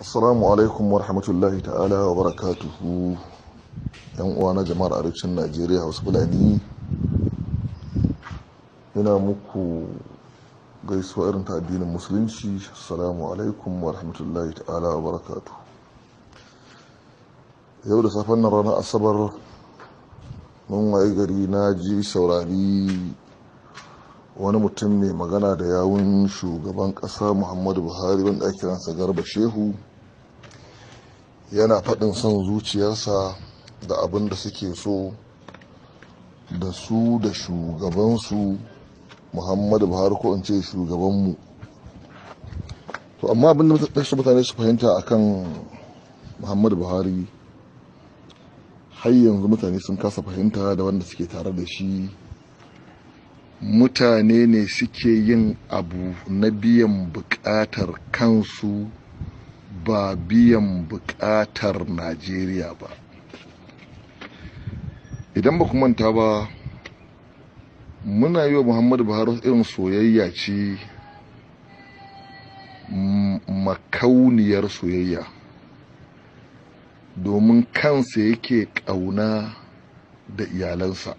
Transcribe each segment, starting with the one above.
assalamu alaikum wa rahmatullahi ta'ala wa barakatuhu yan uwa na jama'ar arewacin najeriya wasu fulani yana muku gaisuwa irin ta addinin musulunci assalamu alaikum wa rahmatullahi ta'ala wa barakatuhu yau da safen nan ranar asabar mun waye gari na ji saurari wani mutum mai magana da yawun shugaban kasa muhammadu buhari wanda ake ransa garba shehu yana faɗin son zuciyarsa da abin da suke so da su da shugabansu muhammadu buhari ko in ce shugabanmu to amma abin da mutane su fahimta a kan muhammadu buhari har yanzu mutane sun kasa fahimta da wanda suke tare da shi mutane ne suke yin abu na biyan bukatar kansu ba biyan bukatar najeriya ba idan ba manta ba muna yi wa muhammadu buhari irin soyayya ce mm, makauniyar soyayya domin kansa yake ƙauna da iyalansa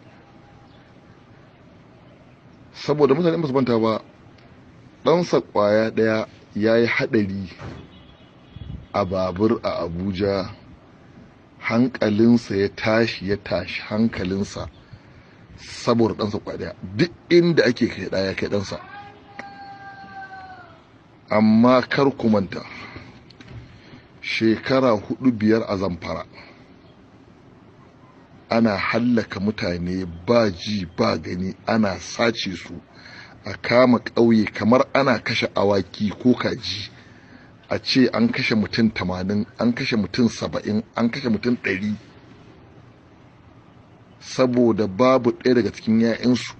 saboda mutane ba su manta ba ɗansa ƙwaya ɗaya ya yi haɗari a babur a abuja hankalinsa ya tashi ya tashi hankalinsa saboda ɗansa kwaɗaya duk inda ake kai ɗaya kai ɗansa amma kar ku manta shekara hudu biyar a zamfara ana hallaka mutane ba ji ba gani ana sace su a kama ƙauye kamar ana kashe awaki ko kaji a ce an kashe mutum tamanin an kashe mutum saba'in an kashe mutum ɗari saboda babu ɗaya daga cikin 'ya'yansu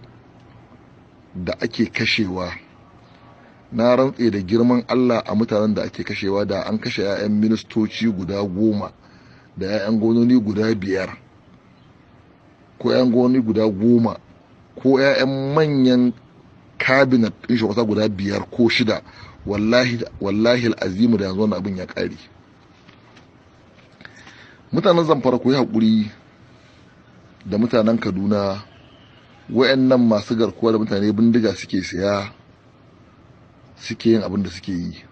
da ake kashewa na rantse da girman allah a mutanen da ake kashewa da an kashe 'ya'yan ministoci guda goma da 'ya'yan gononi guda biyar ko 'ya'yan gononi guda goma ko 'ya'yan manyan kabinet ɗin shi guda biyar ko shida wallahi azimu al'azimu da yanzu wani abin ya kare. mutanen zamfara ku yi haƙuri da mutanen kaduna wayannan masu garkuwa da mutane bindiga suke saya, suke yin abin da suke yi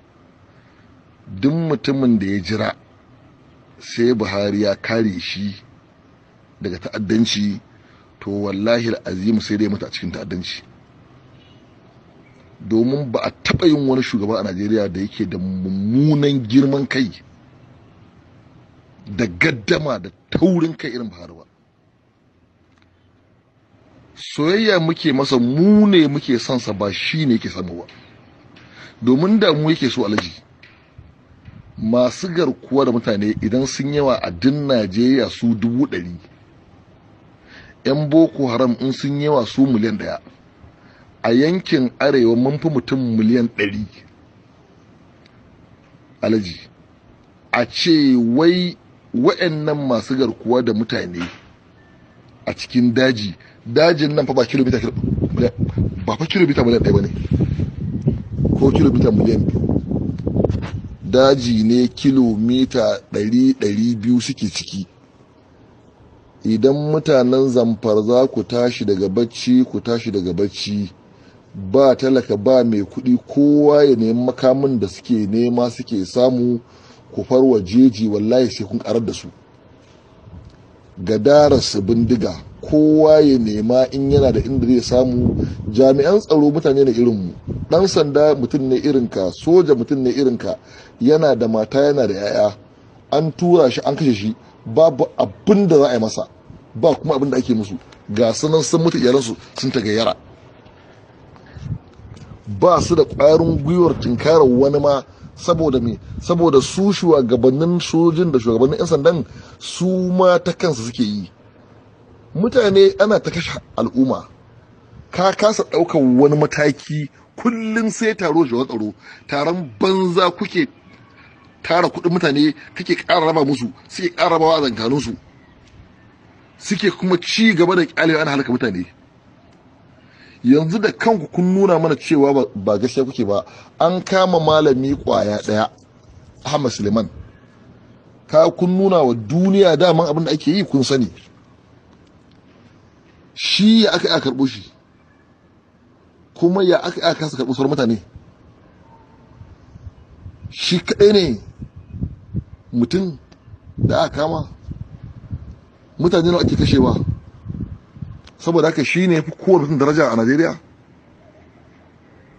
duk mutumin da ya jira sai buhari ya kare shi daga ta'addanci to wallahi al'azimu sai dai mutu a cikin ta'addanci domin ba a taɓa yin wani shugaba a najeriya da yake da mummunan girman kai da gaddama da taurin kai irin buhari ba soyayya muke masa mu ne muke sansa ba shi ne yake samu ba domin da mu yake so alaji masu garkuwa da mutane idan sun yawa a din najeriya su dubu ɗari 'yan boko haram in sun yawa su miliyan ɗaya a yankin arewa mun fi mutum miliyan ɗari alaji a ce wai wa'annan masu garkuwa da mutane a cikin daji dajin nan fa ba kilomita ba fa kilomita miliyan ɗaya ba ne ko kilomita miliyan biyu daji ne kilomita ɗari ɗari biyu suke ciki idan mutanen zamfar za ku tashi daga bacci ku tashi daga bacci ba talaka ba mai kuɗi kowa ya nemi makamin da suke nema suke samu ku farwa jeji wallahi sai kun karar da su su bindiga kowa ya nema in yana da inda zai samu jami'an tsaro mutane na irinmu dan sanda mutum ne irinka soja mutum ne irinka yana da mata yana da 'ya'ya an tura shi an kashe shi babu abin da za a yi masa ba kuma abin da ake musu ga sunan sun mutu iyalansu sun tagayyara ba su da ƙwarin gwiwar tinkarar wani ma saboda me saboda su shugabannin sojin da shugabannin 'yan sandan su ma ta kansu suke yi mutane ana ta kashe al'umma ka kasa ɗaukar wani mataki kullum sai taro shi tsaro taron banza kuke tara kuɗin mutane kake ƙara raba musu suke ƙara rabawa a zankaninsu suke kuma ci gaba da ƙyalewa ana halaka mutane yanzu da kanku kun nuna mana cewa ba gaskiya kuke ba an kama malami kwaya daya Ahmad Suleiman ka kun nuna wa duniya daman abin da ake yi kun sani shi ya aka a karbo shi kuma ya aka yi aka kasa karbo mutane shi kaɗai ne mutum da aka kama mutane nawa ake kashewa saboda haka shi ne fi kowar mutum daraja a Najeriya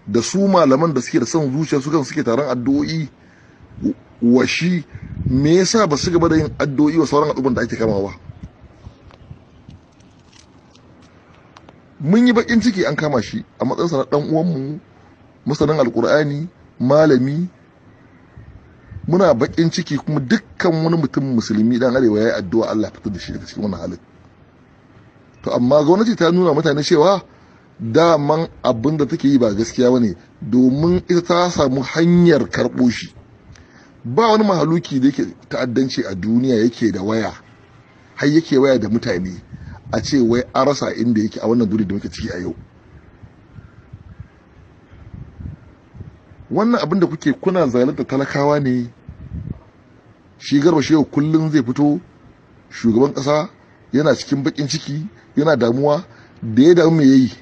da su malaman da suke da son zuciya su kan suke taron addu'o'i wa shi me yasa ba su gaba da yin addu'o'i wa sauran al'ummar da ake kama ba mun yi bakin ciki an kama shi a matsayinsa na dan uwanmu masanin alkur'ani malami muna bakin ciki kuma dukkan wani mutum musulmi dan arewa ya yi addu'a Allah fitar da shi daga cikin wani halin to amma gwamnati ta nuna mutane cewa daman abin da take yi ba gaskiya ba ne domin ita ta samu hanyar karɓo shi ba wani mahaluki da yake ta'addanci a duniya yake da waya har yake waya da mutane a ce wai an rasa inda yake a wannan guri da muke ciki a yau wannan abin da kuke kuna da talakawa ne shi garba shewa kullum zai fito shugaban ƙasa yana cikin bakin ciki yana damuwa da ya damu ya yi.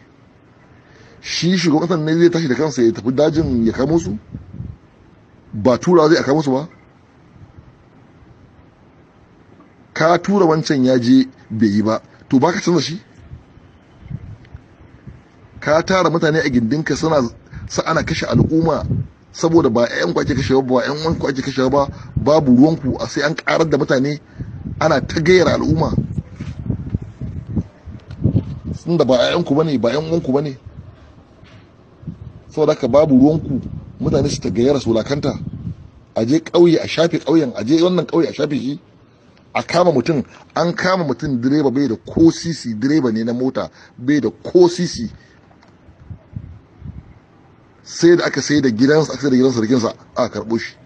shi shugaban kasar ne zai tashi da kansa ya tafi dajin ya kamo su ba tura zai a kamo su ba ka tura wancan ya je bai yi ba to ba ka canza shi ka tara mutane a gindinka suna sa ana kashe al'umma saboda ba 'yan kwaki kashe ba 'yan wanku kashe ba babu ruwanku a sai an karar da mutane ana ta gayar al'umma tunda ba 'ya'yanku bane ba 'yan uwanku bane saboda haka babu ruwanku mutane su tagayya su lakanta a je ƙauye a shafe ƙauyen a je wannan ƙauye a shafe shi a kama mutum an kama mutum direba bai da ko sisi direba ne na mota bai da ko sisi sai da aka sai da gidansa aka sai da gidansa rikinsa a karɓo shi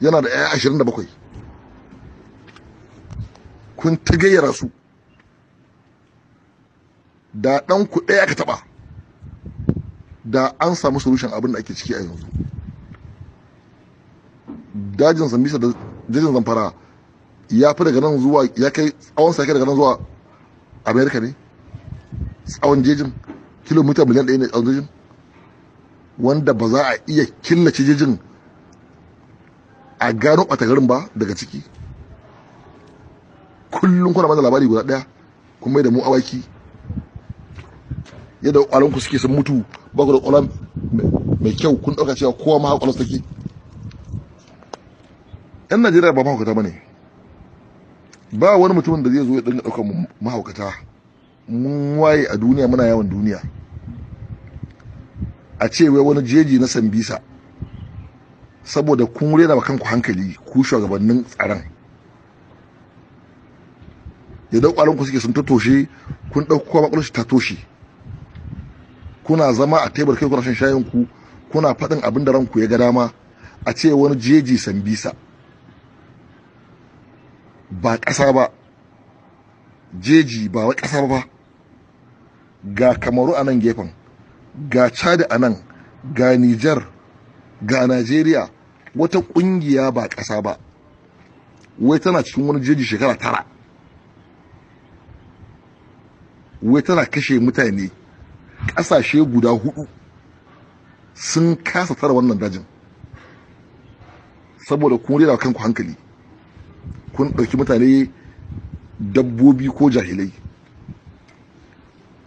yana da 'ya'ya 27 kun tagayyara su da dan ku aka ka taɓa da an samu solution abin da ake ciki a yanzu dajin zambisa da dajin zamfara ya fi daga nan zuwa ya kai tsawon sake daga nan zuwa amerika ne tsawon jejin kilomita miliyan ɗaya ne tsawon jejin wanda ba za a iya killace jejin a gano ɓata garin ba daga ciki kullum kuna mana labari guda ɗaya kuma da mu awaki yadda kwalan ku suke sun mutu ba ku da kwalan mai kyau kun dauka cewa kowa ma kwalan take yan najeriya ba mahaukata ba ne ba wani mutumin da zai zo ya dinga daukar mahaukata mun waye a duniya muna yawan duniya a ce wai wani jeji na sambisa saboda kun rena wa kanku hankali ku shugabannin tsaron yadda kwalan ku suke sun tattoshe kun kowa makwalon shi ta toshe kuna zama a tebur kai kuna shan shayin ku kuna faɗin abin da ranku ya ga dama a ce wani jeji sambisa ba ƙasa ba jeji ba wa ƙasa ba ga kamaru a nan gefen ga chad a nan ga niger ga nigeria wata ƙungiya ba ƙasa ba wai tana cikin wani jeji shekara tara wai tana kashe mutane ƙasashe guda hudu sun kasa tara wannan dajin saboda kun rera kanku hankali kun ɗauki mutane dabbobi ko jahilai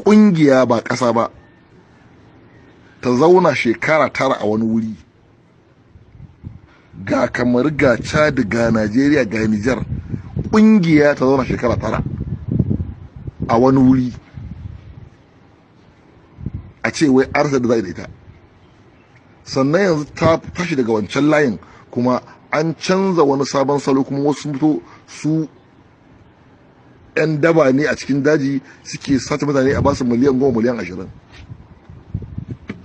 ƙungiya ba ƙasa ba ta zauna shekara tara a wani wuri ga kamar ga chad ga najeriya ga Niger ƙungiya ta zauna shekara tara a wani wuri a ce wai arsa da za da ita sannan yanzu ta tashi daga wancan layin kuma an canza wani sabon salo kuma wasu fito su 'yan daba ne a cikin daji suke sata mutane a basu miliyan goma miliyan ashirin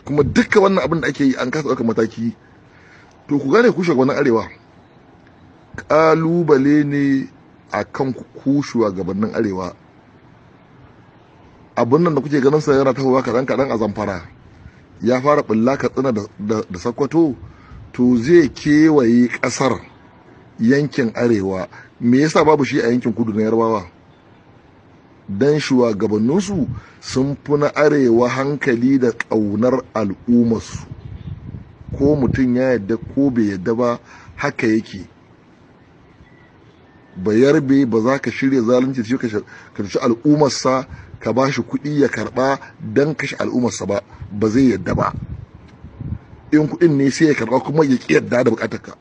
kuma duka wannan abin da ake yi an kasa ɗaukar mataki to ku gane kushe wani arewa ƙalubale ne a kan ku gabanin arewa Abin nan da kuke ganin sa yana tahowa kaɗan kaɗan a zamfara ya fara bulla katsina da sakkwato to zai kewaye ƙasar yankin arewa me yasa babu shi a yankin kudu na yarbawa Dan shugabanninsu sun fi na arewa hankali da ƙaunar al'ummarsu ko mutum ya yadda ko bai yadda ba haka yake bai ba za ka shirya zalunci ka ci al'ummarsa ka ba shi kuɗi ya karɓa don kashe al'ummarsa ba ba zai yadda ba in kuɗin ne sai ya karɓa kuma ya ƙi yadda da ka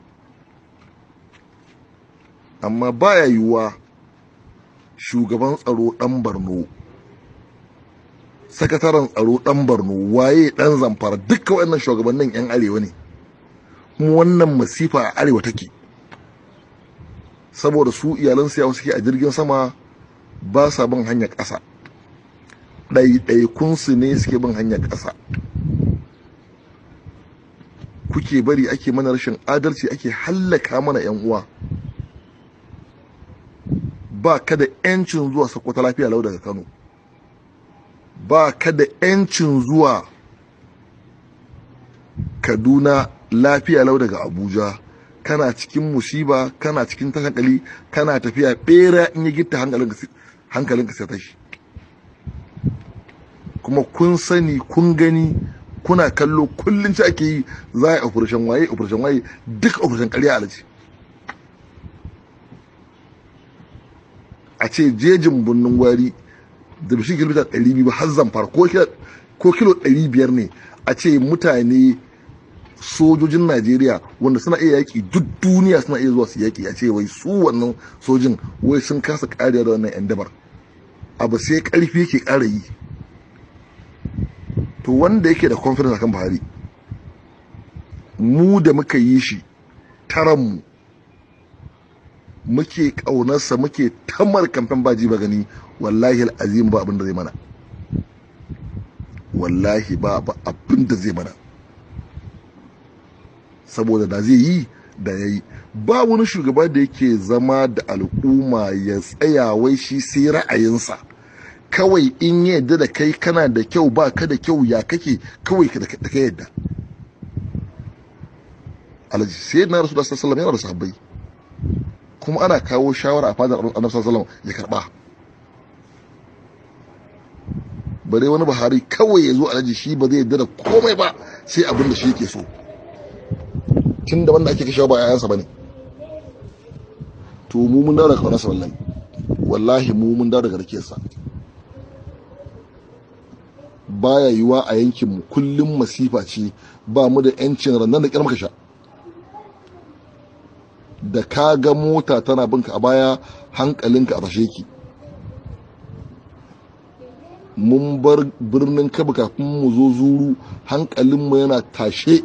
amma baya yiwuwa shugaban tsaro ɗan barno sakataren tsaro ɗan barno waye ɗan zamfara Duka waɗannan shugabannin 'yan arewa ne kuma wannan masifa a arewa take saboda su iyalan siyawa suke a jirgin sama ba sa bin hanyar ƙasa ɗaiɗaikunsu ne suke bin hanyar ƙasa kuke bari ake mana rashin adalci ake hallaka mana yan uwa ba ka da yancin zuwa sakwata lafiya lau daga kano ba ka da yancin zuwa kaduna lafiya lau daga abuja kana cikin musiba kana cikin tashankali kana tafiya bera in ya gita hankalinka sai tashi kuma kun sani kun gani kuna kallo kullum ci ake yi za a yi ofirishin waye ofirishin waye duk operation karya alaji a ce jejin birnin gwari da bishi kilomita ɗari biyu har zamfara ko kilo ɗari biyar ne a ce mutane sojojin najeriya wanda suna iya yaƙi duk duniya suna iya zuwa su yaƙi a ce wai su wannan sojin wai sun kasa ƙariya da wannan yan dabar abu sai ƙarfi yake ƙara yi to wanda yake da confidence akan Buhari mu da muka yi shi taranmu muke ƙaunarsa muke tamar kamfen baji ba gani wallahi azim ba abin da zai mana wallahi ba abin da zai mana saboda da zai yi da ya yi ba wani shugaba da yake zama da al'umma ya tsaya wai shi sai ra'ayinsa kawai in yadda da kai kana da kyau ba ka da kyau ya kake kawai da ka yadda alhaji sai na rasu da sassalam yana da sahabbai kuma ana kawo shawara a fadar annabi sassalam ya karba dai wani buhari kawai ya zo alhaji shi ba zai yadda da komai ba sai abin da shi yake so tun da wanda ake kashewa ba yayansa ba ne to mu mun dawo daga kwanarsa wallahi wallahi mu mun dawo daga baya yiwa a yankin mu kullum masifa ce ba mu da yancin rannan da kirmaka sha da ka ga mota tana binka a baya hankalinka a tashe ki mun bar birnin kabi kafin mu zo zuru hankalinmu yana tashe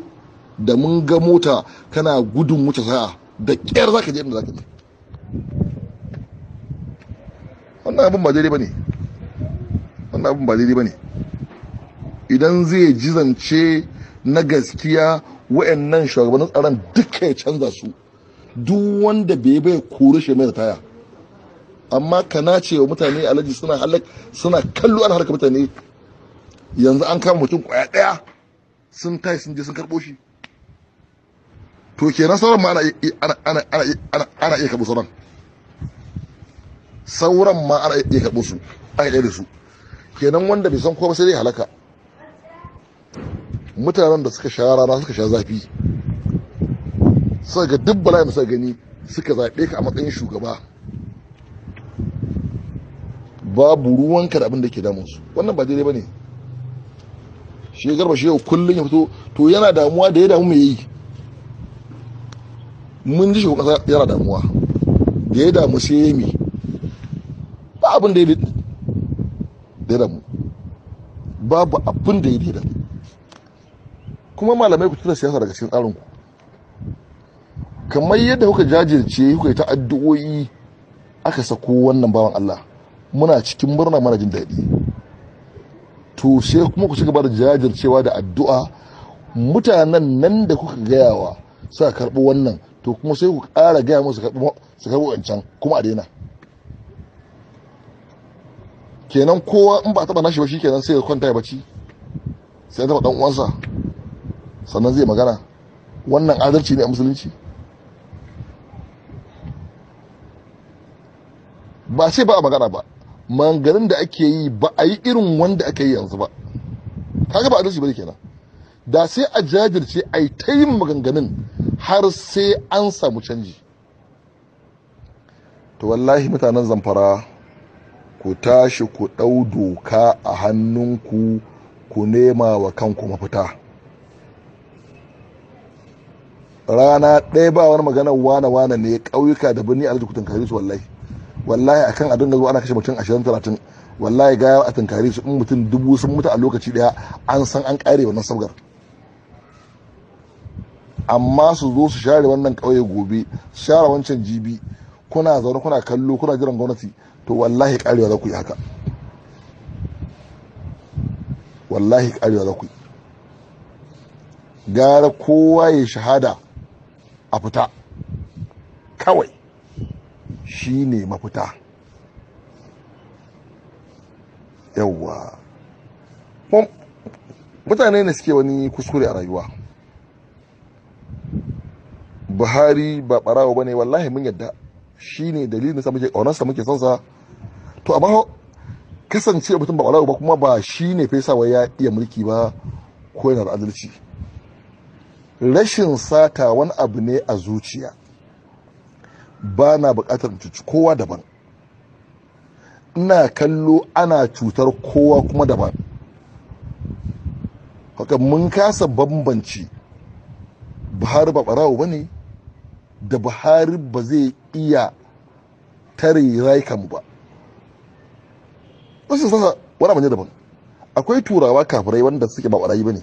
da mun ga mota kana gudun wuce sa'a da kyar zaka je inda zaka je wannan abin ba daidai bane wannan abin ba daidai bane idan zai jizance na gaskiya wayannan shugabannin tsaron duka ya canza su duk wanda bai bai kore shi mai taya amma kana ce wa mutane alaji suna halak suna kallo an harka mutane yanzu an kama mutum kwaya daya sun tashi sun je sun karbo shi to kenan sauran ma ana iya karbo sauran sauran ma ana iya karbo su yi iya da su kenan wanda bai san kowa sai dai halaka mutanen da suka sha rana suka sha zafi suka ga duk bala'in da suka gani suka zaɓe ka a matsayin shugaba babu ruwanka da abin da ke damunsu wannan ba daidai ba ne shi garba shi yau kullum ya fito to yana damuwa da ya damu mai yi mun ji shi kasa yana damuwa da ya damu sai ya mi ba abin da ya damu babu abin da ya damu kuma malamai ku tura siyasa daga cikin tsarinku. kamar yadda kuka jajirce kuka yi ta addu'o'i aka sako wannan bawan Allah muna cikin murna mana jin daɗi to sai kuma ku ci gaba da jajircewa da addu'a mutanen nan da kuka gayawa suka karɓi wannan to kuma sai ku ƙara gaya musu su karɓi wancan kuma a daina kenan kowa in ba taɓa nashi ba shi kenan sai ya kwanta ya bacci sai ya taɓa ɗan uwansa sannan zai magana wannan adalci ne a musulunci ba sai ba a magana ba manganin da ake yi ba a yi irin wanda ake yi yanzu ba kaga ba adalci bane kenan da sai a jajirce a yi ta yin maganganun har sai an samu canji ta wallahi mutanen zamfara ku tashi ku ɗau doka a hannunku ku nema wa kanku mafita rana ɗaya ba wani magana wane wane ne ƙauyuka da birni a rajin tunkari su wallahi wallahi kan adon dinga zuwa ana kashe mutum ashirin talatin wallahi ga a tunkari su in mutum dubu sun mutu a lokaci ɗaya an san an ƙare wannan sabgar amma su zo su share wannan ƙauye gobe share wancan jibi kuna zaune kuna kallo kuna jiran gwamnati to wallahi ƙarewa za ku yi haka wallahi ƙarewa za ku yi gara kowa ya shahada a fita kawai shi ne mafita yawwa mutane ne suke wani kuskure a rayuwa buhari ba barawa ba ne wallahi mun yadda shi ne dalilin sa muke ƙaunarsa muke son sa to amma kasance mutum ba barawa ba kuma ba shi ne fesa ya iya mulki ba ko yana da adalci rashin sata wani abu ne a zuciya ba na bukatar cuci kowa daban ina kallo ana cutar kowa kuma daban haka mun kasa bambanci buhari ba barawo ba ne da buhari ba zai iya tare mu ba rashin sasa wani abu ne daban akwai turawa kafirai wanda suke ba barayi ba ne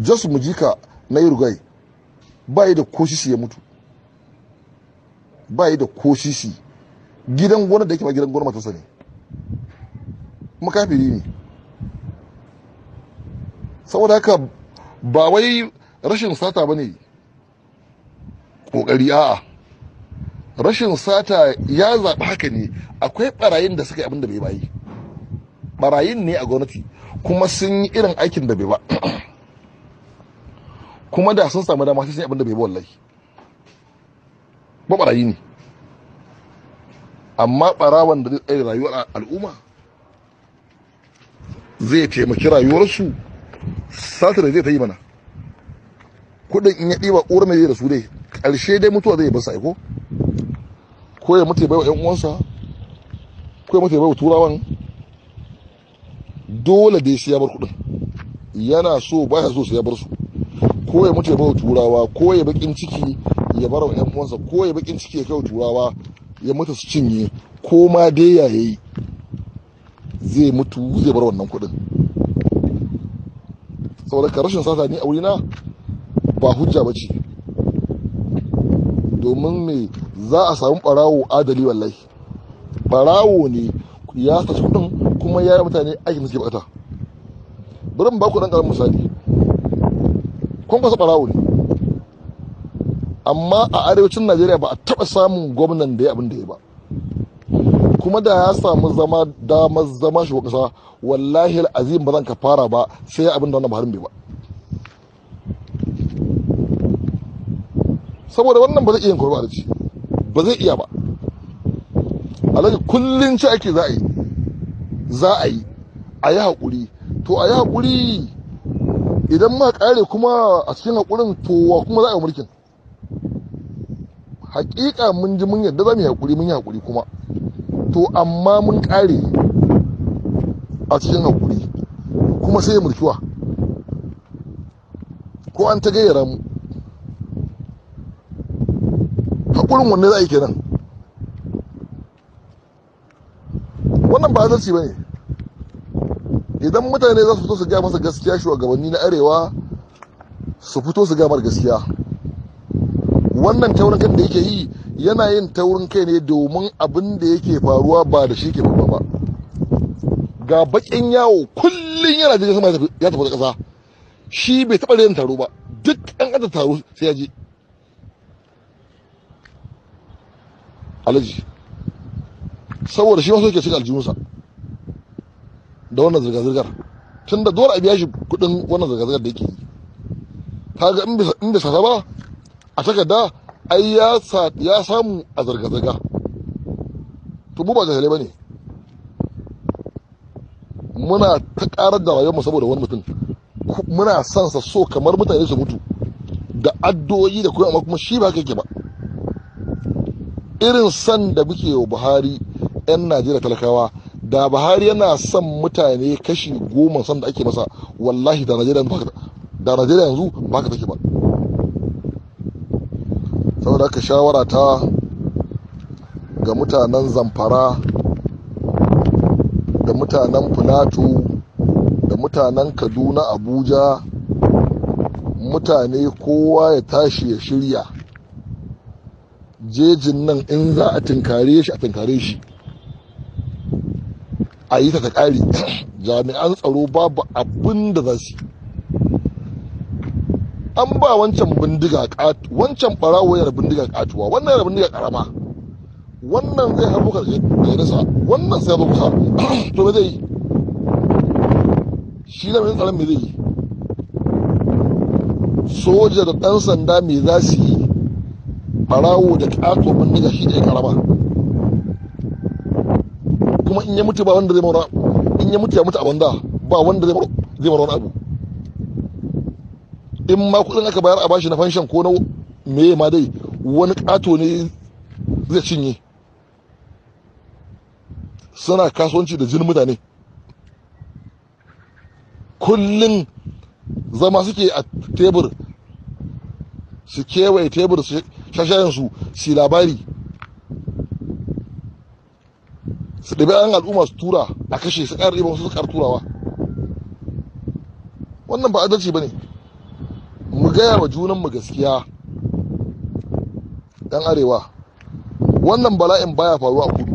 just mu ji ka na Uruguay yi da kosisi ya mutu Ba yi da kosisi gidan gona da yake ba gidan gona matarsa ne makafiri ne saboda haka ba wai rashin sata ba ne ƙoƙari a'a rashin sata ya zaɓi haka ne akwai ɓarayin da suka yi abin da bai bayi ɓarayin ne a gwamnati kuma sun yi irin aikin da bai ba kuma da sun samu dama sai abinda abin da bai bi wallahi ba barayi ne amma barawan da zai tsaye rayuwar al'umma zai taimaki rayuwarsu satar da zai ta yi mana kudin in ya ɗiba ƙura mai da su dai ƙarshe dai mutuwa zai basa aiko ko ya mutu bai wa 'yan uwansa ko ya mutu bai wa turawan dole dai sai ya bar kudin yana so baya so su ya bar su ko ya mutu ya bawa turawa ko ya bakin ciki ya bar wa yan uwansa ko ya bakin ciki ya kai turawa ya mutu su cinye ko ma dai ya yayi zai mutu zai bar wannan kuɗin saboda ka rashin sata ni a wurina ba hujja ba ce domin me za a samu ɓarawo adali wallahi barawo ne ya saci kuɗin kuma ya yi mutane aikin suke bukata bari mu ba ku ɗan ƙaramin misali kwankwasa ɓarawo ne amma a arewacin najeriya ba a taɓa samun gwamnan da ya abin da ya ba kuma da ya samu zama damar zama shi kasa wallahi azim ba zan ka fara ba sai ya abin da wannan baharin bai ba saboda wannan ba zai iya kurba da ci ba zai iya ba alhaji kullum ci ake za a yi za a yi a yi haƙuri to a yi haƙuri idan ma kare kuma a cikin haƙurin towa kuma za a yi mulkin hakika mun ji mun yadda za mu yi haƙuri mun yi haƙuri kuma to amma mun kare a cikin haƙuri kuma sai mulkiwa ko an ta gayyara mu haƙurin wanne za a yi kenan wannan ba zarci ba ne idan mutane za su fito su gaya masa gaskiya shugabanni na arewa su fito su gamar gaskiya wannan taurin kan da yake yi yana yin taurin kai ne domin abin da yake faruwa ba da shi ke faruwa ba ga bakin yawo kullum yana jirgin sama ya tafi da ƙasa shi bai taɓa yin taro ba duk an ƙasa taro sai ya je alaji saboda shi wasu yake cin aljihunsa da wannan zirga-zirgar tun da dole a biya shi kudin wannan zirga-zirgar da yake yi Ta in inda sata ba a takarda ai ya samu a zirga-zirga to ba jahilai ba ne muna ta karar da rayuwarmu saboda wani mutum muna son sa so kamar mutane su mutu da addoi da kuma kuma shi ba kake ba irin san da muke wa buhari 'yan najeriya talakawa da buhari yana son mutane kashi goma son da ake masa wallahi da najeriya yanzu ba ka take ba saboda ka shawara ta ga mutanen zamfara da mutanen filato da mutanen kaduna abuja mutane kowa ya tashi ya shirya jejin nan in za a tinkare shi a tinkare shi a yi ta kare jami'an tsaro babu abin da za su yi. an ba wancan bindiga wancan barawayar bindiga katuwa wannan yana bindiga karama wannan zai harbo ka da nisa wannan sai kusa to me zai yi shi na mai tsaron me zai yi soja da ɗan sanda me za su yi barawo da katuwa bindiga shi da ya karama kuma in ya mutu ba wanda zai mara in ya mutu ya mutu a banza ba wanda zai mara wani abu in ma kudin aka bayar a bashi na fanshan ko na meye ma dai wani kato ne zai cinye suna kasuwanci da jin mutane kullum zama suke a tebur su kewaye tebur su shashayensu su labari su ɗabi an al'umma su tura a kashe su ƙara ɗiba wasu su ƙara turawa wannan ba adalci ba ne mu gaya wa junanmu gaskiya ɗan arewa wannan bala'in baya faruwa a kudu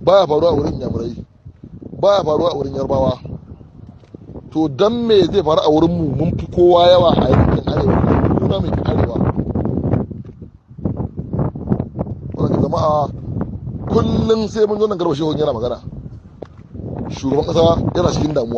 baya faruwa a wurin yamurai baya faruwa a wurin yarbawa to dan me zai faru a wurin mu mun fi kowa yawa a yankin arewa kuna mai arewa wannan jama'a kullum sai mun zo nan garba shehu yana magana shugaban kasa yana cikin damuwa